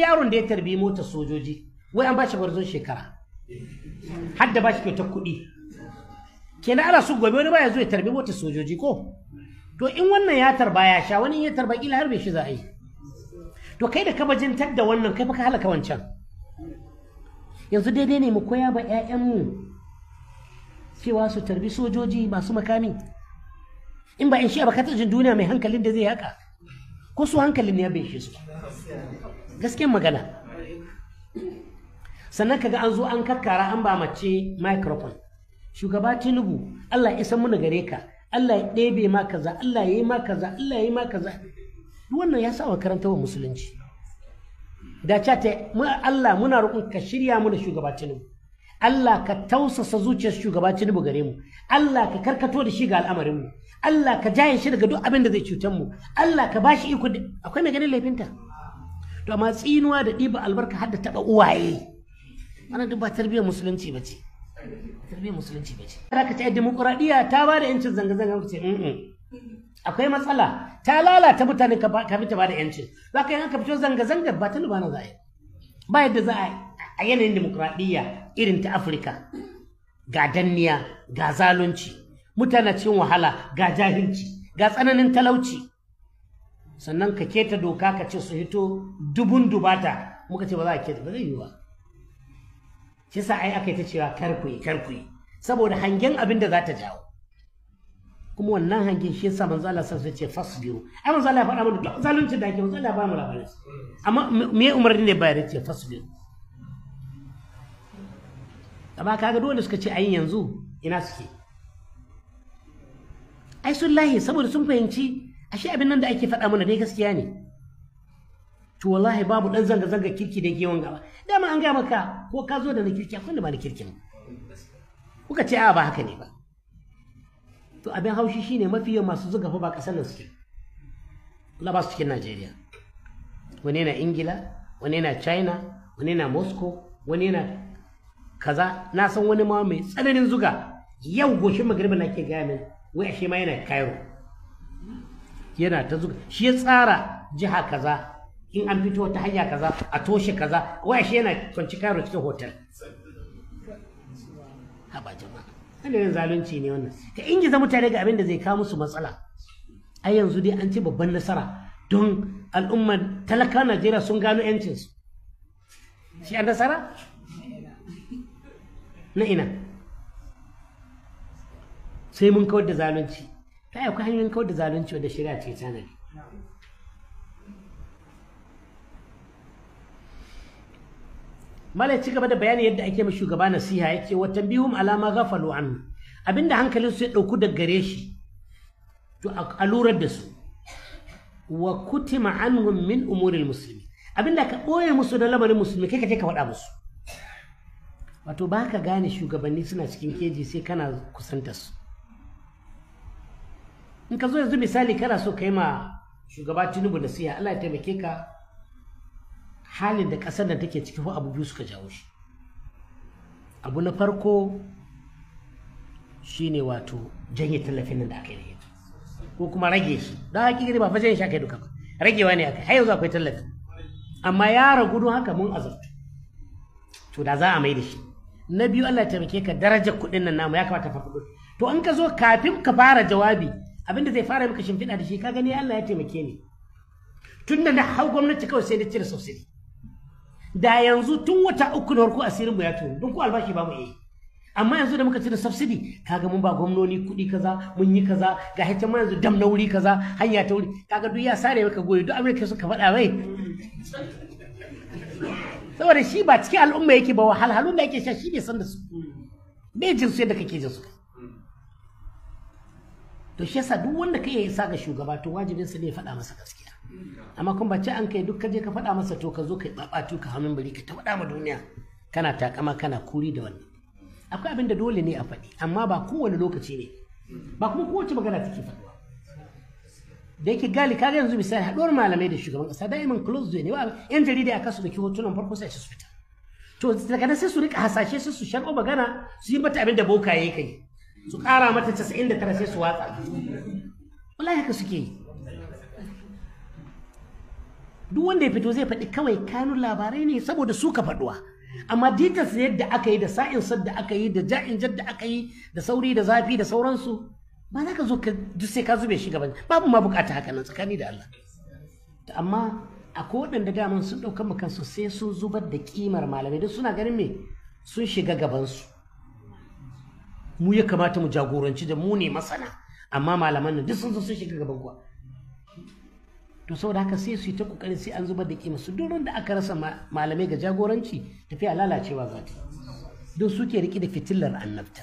yaron da ya tarbi motar sojoji wai an bashi gwarzon shekara har da bashi kyautar kuɗi kenan ana su gobe wani baya zo ya tarbi motar sojoji ko to in wannan ya tarba ya sha wani ya tarba kila har bai shi za to kai da kabajintar da wannan kai fa ka halaka wancan yanzu daidai ne mu koya ba 'ya'yanmu cewa su tarbi sojoji masu makami in ba in shi a bakatar duniya mai hankalin da zai haka ko su hankalin ne ya bai shi su gaskiyar magana sannan kaga an zo an karkara an ba mace microphone shugaba tinubu Allah ya muna gare ka Allah ya ɗebe ma kaza Allah ya yi ma kaza Allah ya yi ma kaza wannan ya sa wa karanta wa musulunci da ca ta Allah muna roƙon ka shirya mu da shugaba tinubu Allah ka tausasa zuciyar shugaba tinubu gare mu Allah ka karkato da shi ga al'amarin mu Allah ka jaye shi daga duk abin da zai cutar mu Allah ka bashi iko akwai mai ganin laifinta to amma tsinuwa da ɗiba albarka har da taɓa uwaye ana duk ba tarbiyyar musulunci ba ce tarbiyyar musulunci ba ce ka ta demokuraɗiyya ta ba da yancin zanga-zanga ku ce akwai matsala ta lalata mutane kafin ta ba da yancin za ka yi haka fito zanga-zanga ba ta lubana za a yi ba yadda za a yi a yanayin demokuraɗiyya irin ta afirka ga danniya ga zalunci mutane cin wahala ga jahilci ga tsananin talauci sannan ka keta doka ka ce su hito dubun dubata muka ce ba za a keta ba zai yi ba shi sa ai aka yi ta cewa karkuyi karkuyi saboda hangen abin da za ta jawo kuma wannan hangen shi yasa manzo Allah sai ce fasbiru ai manzo Allah ya faɗa mana duk zalunci da ke manzo Allah ba mu labarin amma me umarni ne bayar ce fasbiru amma kaga dole suka ce ai yanzu ina suke ai sun lahi saboda sun fahimci ashe abin nan da ake faɗa mana dai gaskiya ne to wallahi babu dan zanga zanga kirki da gewan gaba dama an ga maka ko ka zo da na kirki akwai da ba na kirkin kuka ce a ba haka ne ba to abin haushi shine mafi yawan masu zuga fa ba kasar nan suke la ba su cikin Najeriya wani na Ingila wani na China wani na Moscow wani na kaza na san wani ma mai tsananin zuga yau goshin magariba na ke gaya min wai ashe ma yana Cairo yana ta zuga shi ya tsara jiha kaza in an fito ta hanya kaza a toshe kaza waya shi yana kwanci karo cikin hotel haba jama'a wanda yin zalunci ne wannan ka ingiza mutane ga abin da zai kawo musu matsala ai yanzu dai an ce babban nasara don al'ummar talaka najeriya sun gano yancinsu shi a nasara na ina sai mun kawar da zalunci ta akwai hanyoyin kawar da zalunci wadda shari'a ce tanadi mala ci gaba da bayani yadda ake ma shugaba nasiha yake watan bihun alama ghafalu an abinda hankalin su ya dauku da gare shi to a lura da su wa kutima anhum min umuril musulmi abinda ka boye musu da lamarin musulmi kai ka je ka faɗa musu wato ba ka gane shugabanni suna cikin keji sai kana kusanta su in ka zo yanzu misali kana so ka yi ma shugaba tinubu nasiha allah ya taimake ka halin da ƙasar da take ciki ko abu biyu suka jawo shi abu na farko shine wato janye tallafin nan da aka yi ko kuma rage shi don hakikar ba fa janye shi aka yi duka ba ragewa ne aka za yanzu akwai tallafi amma ya ragu don haka mun azabtu to da za a mai da shi na biyu Allah ya taimake ka darajar kuɗin nan namu ya kamata farfaɗo to an ka zo kafin ka fara jawabi abinda zai fara maka shimfiɗa da shi ka gani Allah ya taimake ni tun da na hau gwamnati kawai sai na cire subsidy da yanzu tun wata uku na farko asirin mu ya tuni don ko albashi ba mu yi amma yanzu da muka cire subsidy kaga mun ba gwamnoni kuɗi kaza mun yi kaza ga hita mun yanzu dam na wuri kaza hanya ta wuri kaga duk ya sare maka goyi duk amurka suka faɗa mai saboda shi ba cikin al'umma yake ba wahalhalun da yake sha shi ne san da su Mejin su yadda kake jinsu su to shi yasa duk wanda kai ya sa ga shugaba to wajibin sa ne ya faɗa masa gaskiya amma kun bace an kai duk ka je ka faɗa masa to ka zo kai babatu ka hannun bari ka ta faɗa ma duniya kana takama kana kuri da wannan akwai abin da dole ne a faɗi amma ba kowane lokaci ne ba kuma kowace magana take faɗuwa da yake gali kaga yanzu misali haɗuwar malamai da shugaban ƙasa imin close zuwa ne ba yan jarida aka su da ki hotunan farko sai su fita to daga nan sai su rika hasashe sai su sharɓo magana su yi mata abin da boka ya kai su ƙara mata 99 sai su watsa wallahi haka suke yi duk wanda ya fito zai faɗi kawai kanun labarai ne saboda su ka faɗuwa amma dikas yadda aka yi da sa'in da aka yi da ja'in da aka yi da sauri da zafi da sauransu ba za ka zo ka duk sai ka zube shi gaban babu ma bukata haka nan tsakani da Allah amma akwai da daman sun ɗauka kansu sai sun zubar da kimar malamai don suna ganin me sun shiga gabansu mu ya kamata mu jagoranci da mu ne masana amma malaman nan duk sun zo sun shiga gaban kuwa to saboda haka sai su yi ta kokarin sai an zubar da kima su duk da aka rasa malamai ga jagoranci tafiya lalacewa za ta don suke riƙe da fitilar annabta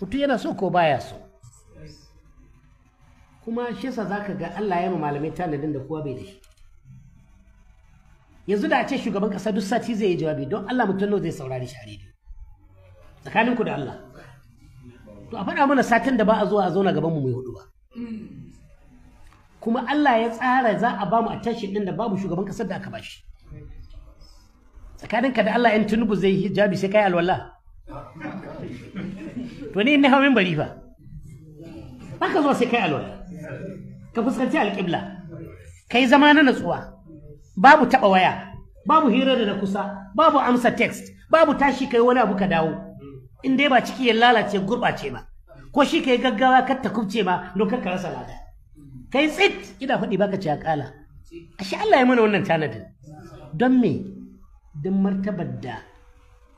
mutum yana so ko baya so kuma shi yasa zaka ga Allah ya ma malamai tanadin da kowa bai da shi yanzu da a ce shugaban ƙasa duk sati zai yi jawabi don Allah mutum nawa zai saurari shi a rediyo tsakaninku da Allah to a faɗa mana satin da ba a zuwa a zauna gabanmu mai hudu ba kuma Allah ya tsara za a bamu attention din da babu shugaban kasar da aka bashi tsakaninka da Allah yan tunubu zai hijabi sai kai alwala to ni ne hawin bari fa baka zuwa sai kai alwala ka fuskanci alƙibla kai zama na natsuwa babu taɓa waya babu hira da na kusa babu amsa text babu tashi kai wani abu ka dawo in dai ba ciki ya lalace gurɓace ba ko shi ka yi gaggawa ka ta kubce ma lokar ka rasa lada yi tsit ina faɗi baka ci akala ashe Allah ya mana wannan tanadin don me don martabar da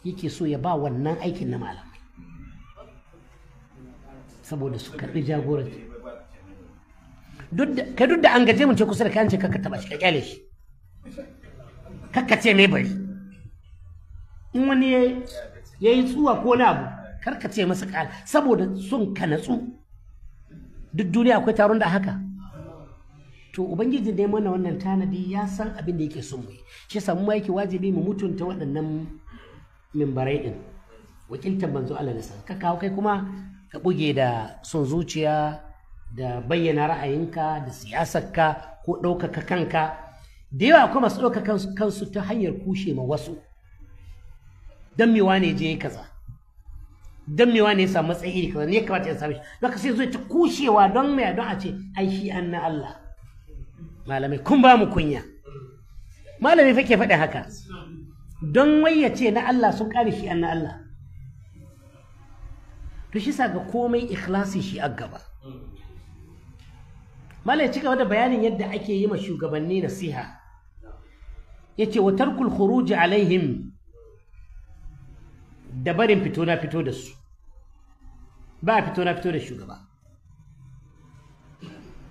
yake so ya ba wannan aikin na malamai saboda su karɓi jagoranci kai duk da an gaje mun ce kusa da kayan ce kakka taba shi ka kyale shi kakka ce mai bari in wani ya yi. ya yi tsuwa ko na abu karka ce masa kala saboda sun ka tsu duk duniya akwai taron da haka to ubangiji da mana wannan tanadi ya san abin da yake son mu shi samu ma yake wajibi mu mutunta waɗannan mimbarai din wakiltar banzu Allah nasa ka kawo kai kuma ka buge da sun zuciya da bayyana ra'ayinka da siyasarka ko ɗaukaka kanka da yawa akwai masu ɗaukaka kansu ta hanyar kushe ma wasu dan me wane je kaza dan me wane ya samu matsayi iri kaza ne ya kamata ya same shi haka sai zo ta kushewa don me don a ce ai shi an na Allah malamai kun ba mu kunya malami fa ke faɗin haka don wai ce na Allah sun kare shi an na Allah to shi sa ga komai ikhlasi shi a gaba malai ci gaba da bayanin yadda ake yi ma shugabanni nasiha yace wa tarkul khuruj alaihim da barin fito na fito da su ba fito na fito da shugaba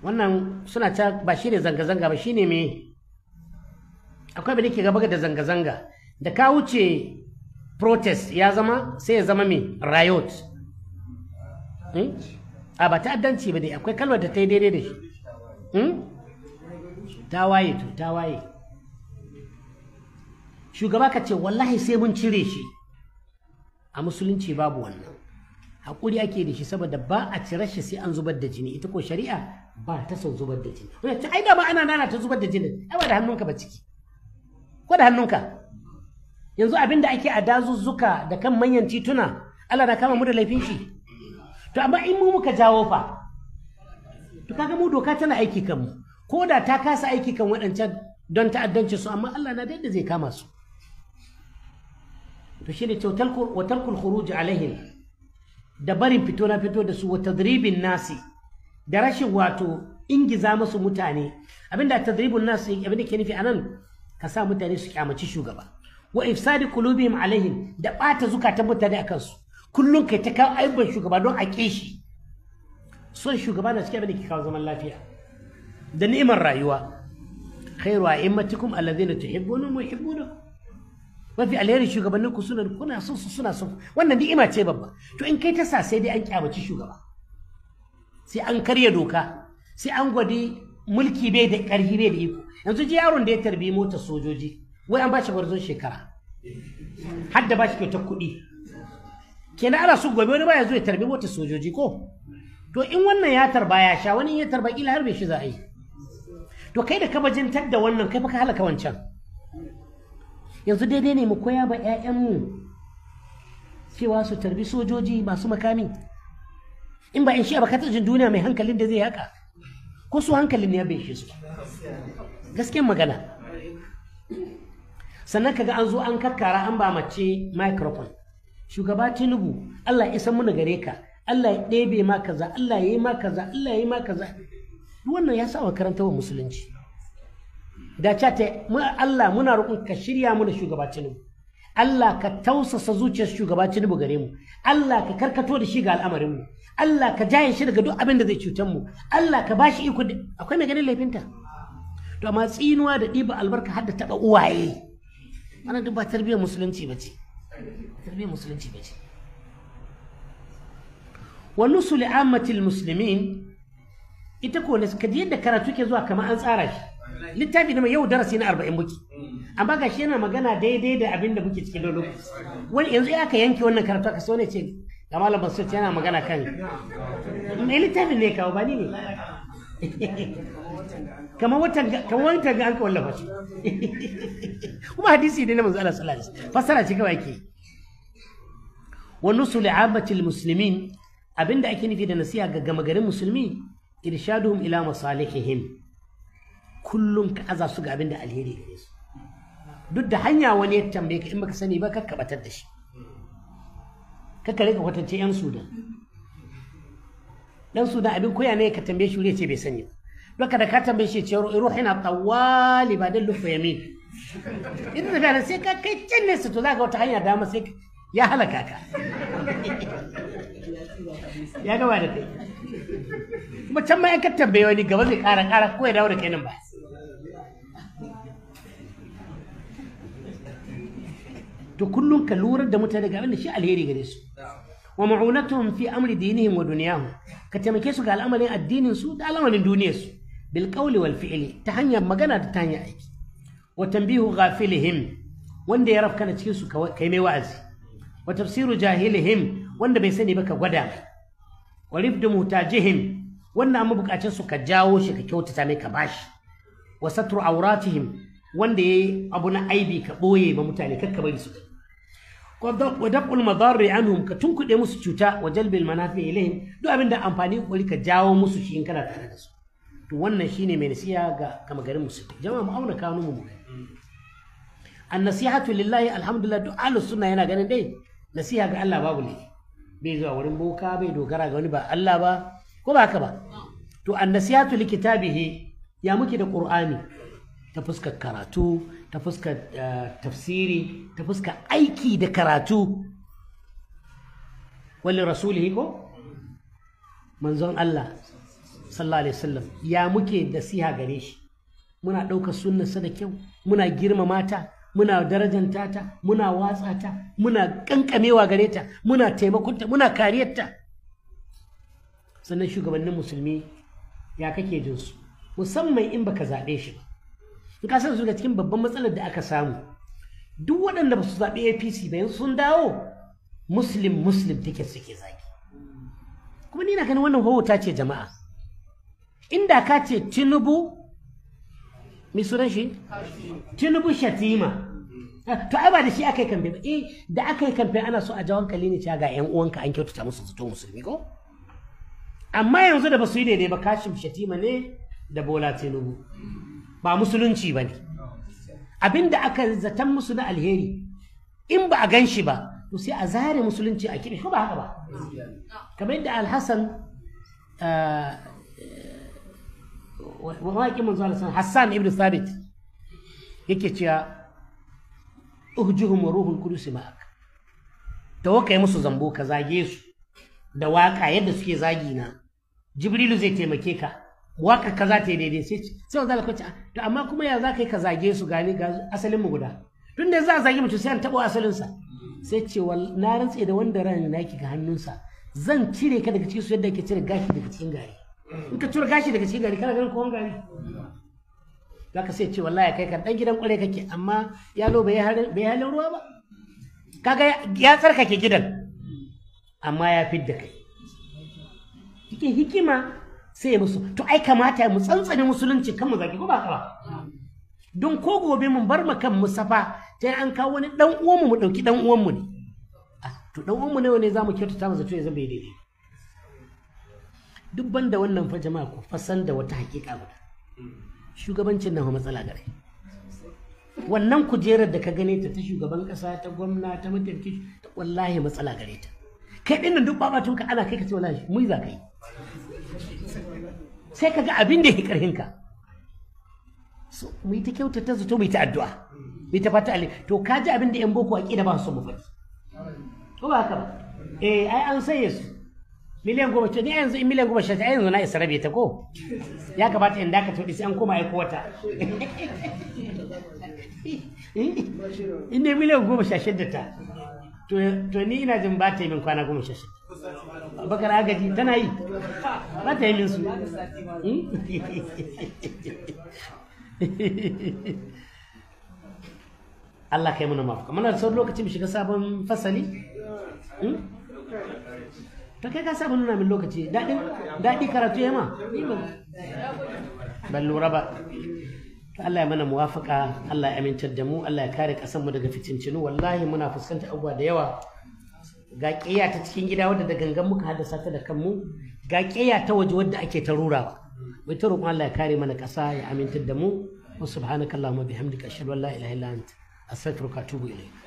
wannan suna ta ba shi ne zanga-zanga ba shi ne me akwai bane da ke gaba da zanga-zanga da ka wuce protest ya zama sai ya zama mai riot eh? a ba ta'addanci ba dai akwai kalmar da ta yi daidai da shi hmm? ta waye to ta waye shugaba ka ce wallahi sai mun cire shi a musulunci babu wannan haƙuri ake da shi saboda ba a cire shi sai an zubar da jini ita ko shari'a ba ta son zubar da jini wanda ta aida ba ana nana ta zubar da jini ai ba da hannunka ba ciki ko da hannunka yanzu abin da ake a dazuzzuka da kan manyan tituna Allah na kama mu da laifin shi to amma in mu muka jawo fa to kaga mu doka tana aiki kan mu ko da ta kasa aiki kan waɗancan don ta'addanci su amma Allah na da yadda zai kama su to shine ce khuruj alaihim da barin fito na fito da su wa tadribin nasi da rashin wato ingiza musu mutane abinda tadribun nasi da ke nufi anan ka sa mutane su kyamaci shugaba wa ifsadi qulubihim alaihim da bata zukatan mutane akan su kullum kai ta kawo aibban shugaba don a kishi son shugaba na cikin abin da ke kawo zaman lafiya da ni'imar rayuwa khairu a alladhina tuhibbuna wa yuhibbunakum mafi alherin shugabannin ku suna kuna son su suna son wannan ni'ima ce babba to in kai ta sa sai dai an kyamaci shugaba sai an karya doka sai an gwadi mulki bai da karhi bai da iko yanzu ji yaron da ya tarbi motar sojoji wai an bashi gwarzon shekara har da bashi kyautar kuɗi kenan ana su gobe wani baya zo ya tarbi motar sojoji ko to in wannan ya tarba ya sha wani ya tarba kila har bai shi za a yi to kai da ka bajintar da wannan kai fa ka halaka wancan yanzu daidai ne mu koya ba mu cewa su tarbi sojoji masu makami in ba in shi ba ka jin duniya mai hankalin da zai haka ko su hankalin ne ya bai shi su gaskiyan magana sannan kaga an zo an karkara an ba mace microphone shugaba tinubu Allah ya san muna gare ka Allah ya ɗebe ma kaza Allah ya yi ma kaza Allah ya yi ma kaza wannan ya sa wa karanta wa musulunci da ca ta mu Allah muna roƙon ka shirya mu da shugaba mu. Allah ka tausasa zuciyar shugaba mu gare mu Allah ka karkato da shi ga al'amarin mu Allah ka jaye shi daga duk abin da zai cutar mu Allah ka bashi iko akwai mai ganin laifinta to amma tsinuwa da ɗiba albarka har da taɓa uwaye wannan duk ba tarbiyyar musulunci ba ce tarbiyyar musulunci ba ce wa nusul ammatil muslimin ita ko ne yadda karatu ke zuwa kamar an tsara shi littafi na mai yau darasi na arba'in muke mm. amma shi yana magana daidai da abin da muke cikin lokaci wani yanzu ya ka yanke wannan karatu ka so ne ce ga malam basut yana magana kan mai littafin ne kawo ba ni ne kamar watan ga an ka wallafa shi kuma hadisi ne na manzo ala sallallahu alaihi wasallam fassara ce kawai ke wa nusul ammatil muslimin abinda ake nufi da nasiha ga gama garin musulmi irshaduhum ila masalihihim kullum ka aza su ga abin da alheri gare su duk da hanya wani ya tambaye ka in baka sani ba kakka batar da shi kakka rika kwatance yan sudan dan sudan abin koya ne ka tambaye shi ce bai sani baka da ka tambaye shi ce na tawali ba dan lufa yamin idan da gane sai ka kai can su to ka wata hanya dama sai ya halaka ka ya gaba da kai kuma can ma ya ka tambaye wani gaba zai kara kara ko ya dawo da kai nan ba to kullum ka lura da mutane daga abinda shi alheri gare su wa ma'unatuhum fi amri dinihim wa dunyahum ka taimake su ga al'amarin addinin su da al'amarin duniyar su bil qawli wal fi'li ta hanyar magana da ta hanyar aiki wa tanbihu ghafilihim wanda ya na cikin su kai mai wa'azi wa tafsiru jahilihim wanda bai sani ba ka gwada mai wa rifdu mutajihim wannan amma bukacin su ka jawo shi ka kyautata mai ka bashi wa satru auratihim wanda ya yi abu na aibi ka ɓoye ba mutane kakka bari su wa daf'ul madarri anhum ka tunkuɗe musu cuta wa jalbil manafi ilaihim duk abin da amfani kokari ka jawo musu shi in kana tare da su to wannan shine mai nasiha ga kama garin musulmi jama'a mu auna kanu mu an nasihatu lillahi alhamdulillah duk ahlus sunna yana ganin dai nasiha ga Allah babu ne bai zuwa wurin boka bai dogara ga wani ba Allah ba ko ba haka ba to an nasihatu likitabihi ya muke da qur'ani ta fuskar karatu ta fuskar eh, tafsiri ta fuskar aiki da karatu wani rasulihi ko manzon Allah sallallahu alaihi wasallam ya muke nasiha gare shi muna ɗaukar sa da kyau muna girmama ta muna darajanta ta muna watsa ta muna ƙanƙamewa gare ta muna taimakonta muna kariyarta sannan shugabannin musulmi ya kake jinsu musamman in baka zaɓe shi ba in ka san su daga cikin babban matsalar da aka samu duk waɗanda ba su zaɓi apc ba yanzu sun dawo muslim muslim take suke zaki kuma ni na ganin wannan wauta ce jama'a inda ka ce tinubu mai shi tinubu shatima ah, to ai ba da shi aka yi kamfe ba eh da aka yi kamfe ana so a jawo hankali ne ga yan uwanka an kyautata musu zato musulmi ko amma yanzu da ba su yi daidai ba kashim shatima ne da bola tinubu ba musulunci ba ne abin aka zaton musu na alheri in ba a gan shi ba to sai a zare musulunci a kiɗi ko ba haka ba kamar yadda alhassan eh, eh, manzo alhassan hassan ibn sabit yake cewa uhjuhum wa ruhul qudus ma'ak musu zambo ka zage su da waka yadda suke zagi na jibrilu zai taimake ka waka kaza ta yi daidai sai sai wanda zaka ce to amma kuma ya ka yi ka zage su gani ga asalin mu guda tun da za a zage mutum sai an taɓa asalin sa sai ce wa na rantse da wanda ran na yake ga hannunsa zan cire ka daga cikin su yadda ake cire gashi daga cikin gari in ka cire gashi daga cikin gari kana ganin kowan gari ka sai ce wallahi kai ka dan gidan kwarai kake amma yalo bai halin ruwa ba kaga ya tsarkake gidan amma ya fidda kai cikin hikima sai musu to ai kamata mu tsantsane musulunci kan mu zaki ko ba ka ba don ko gobe mun bar mu kan musafa ta an kawo wani dan uwan mu ah, mu dauki dan uwan mu ne to dan uwan mu ne wani zamu kyautata masa to ya zama daidai duk banda wannan fa jama'a ku fasan da wata hakika guda shugabancin nan matsala gare wannan kujerar da ka gane ta ta shugaban kasa ta gwamna ta mutunci wallahi matsala gare ta kai dinnan duk babatun ka ana kai ka ce wallahi mu za ka yi sai ka ga abin da ya karhin ka so mai ta ta zato mu ta addu'a mu ta fata alai to ka ji abin da yan boko da ba su mafi ko ba haka ba eh ai an saye su miliyan goma ce ni yanzu in miliyan goma sha ta yanzu na isa rabe ta ko ya kamata in daka tuɗi sai an koma aiko wata in ne miliyan goma sha ta to ni ina jin ba ta yi min kwana goma sha bakar agaji tana yi ba ta yi min su hmm? Allah kai muna mafuka muna da sauran lokacin shiga sabon fasali hmm? ta kai ka sabon nuna min lokaci daɗi karatu ya ma ban lura ba Allah ya mana muwafaka Allah ya amintar da mu Allah ya kare ƙasanmu daga fitincinu wallahi muna fuskantar abubuwa da yawa ga ta cikin gida wadda da gangan muka haddasa ta da kanmu ga ƙiyya ta waje wadda ake ta rurawa mai ta roƙon Allah ya kare mana ƙasa ya amintar da mu wa subhanakallahumma bihamdika ashhadu an la ilaha illa anta astaghfiruka wa atubu ilayk